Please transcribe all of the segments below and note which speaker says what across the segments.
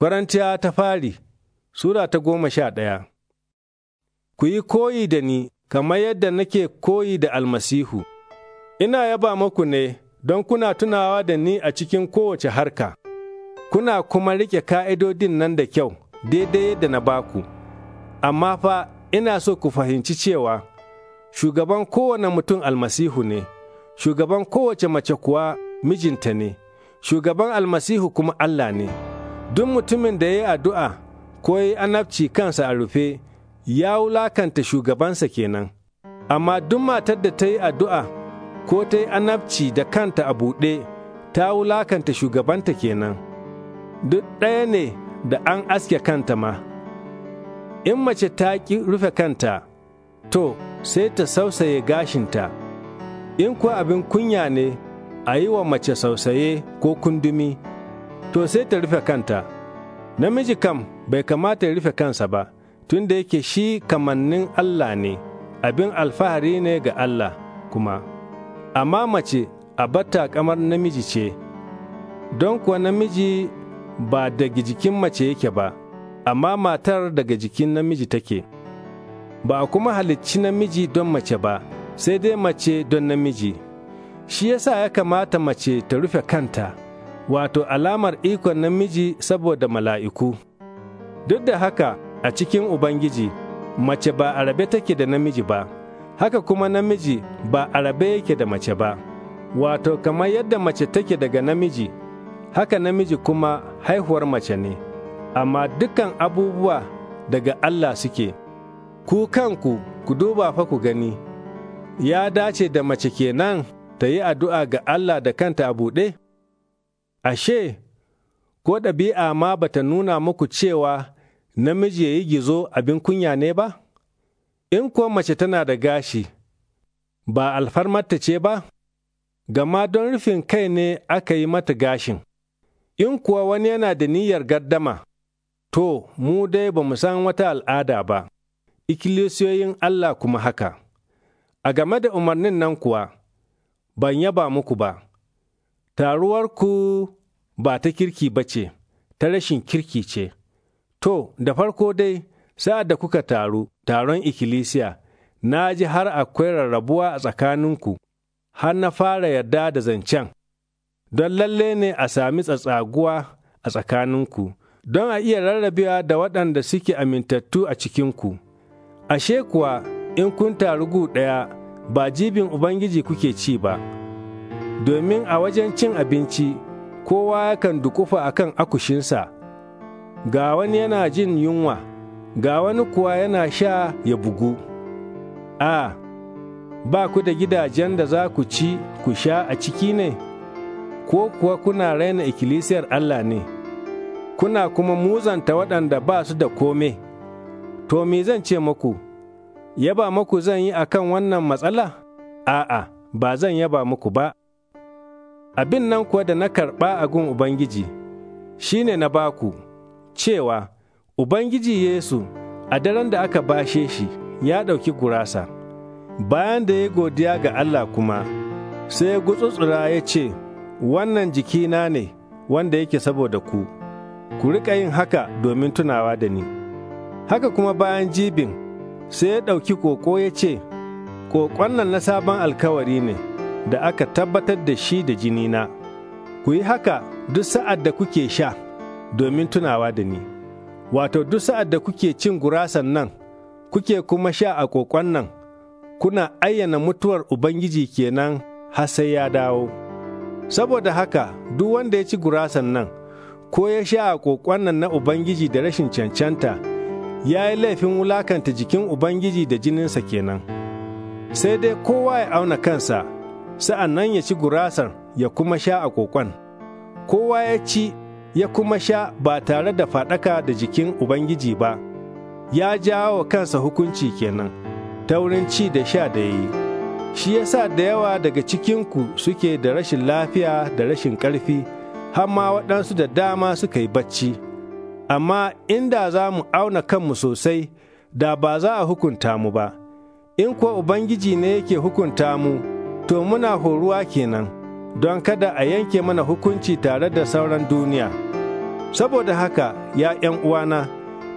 Speaker 1: Korintiyawa ta fari Sura ta goma sha ɗaya Ku yi koyi da ni kamar yadda nake koyi da almasihu, ina yaba muku ne don kuna tunawa da ni a cikin kowace harka, kuna kuma riƙe ka'idodin nan da kyau daidai yadda na baku, amma fa ina so ku fahimci cewa shugaban kowane mutum almasihu ne, shugaban kowace mace kuwa mijinta ne, shugaban almasihu kuma Allah ne. duk mutumin da ya yi addu'a ko ya yi anabci kansa a rufe ya wulakanta shugabansa kenan amma duk matar da ta yi addu'a ko ta yi anabci da kanta a buɗe ta wulakanta shugabanta kenan duk ɗaya ne da an aske kanta ma in mace ta ƙi rufe kanta to sai ta sausaye gashinta in kuwa abin kunya ne a yi wa mace sausaye ko kundumi to sai ta rufe kanta. Namiji kam bai kamata ya rufe kansa ba, tun da yake shi kamannin Allah ne, abin alfahari ne ga Allah kuma. Amma mace a bata kamar namiji ce, don kuwa namiji ba daga jikin mace yake ba, amma matar daga jikin namiji take. Ba kuma halicci namiji don mace ba, sai dai mace don namiji. Shi yasa ya kamata mace ta rufe kanta. wato alamar ikon namiji saboda mala'iku. Duk da haka a cikin Ubangiji, mace ba a rabe take da namiji ba, haka kuma namiji ba a rabe yake da mace ba, wato kamar yadda mace take daga namiji, haka namiji kuma haihuwar mace ne, amma dukan abubuwa daga Allah suke. Ku kanku ku duba fa ku gani, ya dace da mace kenan ta yi addu'a ga Allah da kanta a buɗe? Ashe, ko ɗabi'a ma ba ta nuna muku cewa namiji ya yi gizo abin kunya ne ba? In ko mace tana da gashi, ba alfarmarta ce ba? Gama don rufin kai ne aka yi mata gashin. In kuwa wani yana da niyyar gardama. to, mu dai ba san wata al'ada ba, Ikilisiyoyin Allah kuma haka. A game da umarnin nan kuwa, ban yaba muku ba. taruwarku ba ta kirki ba ce, ta rashin kirki ce. To, da farko dai, sa'ad da kuka taru, taron ikkilisiya, na ji har akwai rarrabuwa a tsakaninku, har na fara yarda da zancen, don lalle ne a sami tsatsaguwa a tsakaninku, don a iya rarrabewa da waɗanda suke amintattu a cikinku. Ashe kuwa, in kun taru gu ɗaya, ba jibin Ubangiji kuke ci ba. domin a wajen cin abinci kowa yakan dukufa a kan akushinsa, ga wani yana jin yunwa, ga wani kuwa yana sha ya bugu. A, ba ku da gidajen da za ku ci ku sha a ciki ne, ko kuwa kuna raina ikkilisiyar Allah ne, kuna kuma muzanta waɗanda ba su da kome. To, me zan ce maku. yaba maku zan yi akan wannan matsala? A'a, ba zan yaba muku ba. abin nan kuwa da na karɓa a gun Ubangiji, shi ne na baku, cewa Ubangiji Yesu a daren da aka bashe shi ya ɗauki gurasa, bayan da ya godiya ga Allah kuma, sai ya gutsutsura ya ce, Wannan jikina ne wanda yake saboda ku, ku riƙa yin haka domin tunawa da ni. Haka kuma bayan jibin, sai ya ɗauki koko ya ce, Ƙoƙon nan na sabon alkawari ne. da aka tabbatar da shi da jinina, ku yi haka duk sa'ad da kuke sha domin tunawa da ni, wato duk sa'ad da kuke cin gurasan nan, kuke kuma sha a ƙoƙon nan, kuna ayyana mutuwar Ubangiji kenan har sai ya dawo. Saboda haka duk wanda ya ci gurasan nan, ko ya sha a ƙoƙon nan na Ubangiji da rashin cancanta, ya yi laifin wulakanta jikin Ubangiji da jininsa kenan. Sai dai kowa ya auna kansa. sa'an nan ya ci gurasar ya kuma sha a kokon. Kowa ya ci ya kuma sha ba tare da faɗaka da jikin Ubangiji ba, ya jawo kansa hukunci kenan, ta wurin ci da sha da yi. Shi ya sa da yawa daga cikinku suke da rashin lafiya da rashin ƙarfi, hamma waɗansu da dama suka yi bacci. Amma inda za mu auna kanmu sosai, da ba za a hukunta mu ba, in kuwa Ubangiji ne yake hukunta mu. to muna horuwa kenan don kada a yanke mana hukunci tare da sauran duniya. Saboda haka, ya ’yan uwana,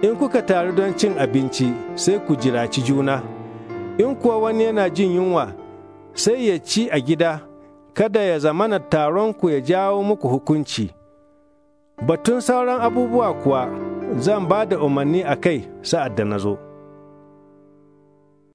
Speaker 1: in kuka taru don cin abinci sai ku jiraci juna, in kuwa wani yana jin yunwa sai ya ci a gida, kada ya zamana taronku ya jawo muku hukunci. Batun sauran abubuwa kuwa zan ba da umarni a kai sa'ad da na zo.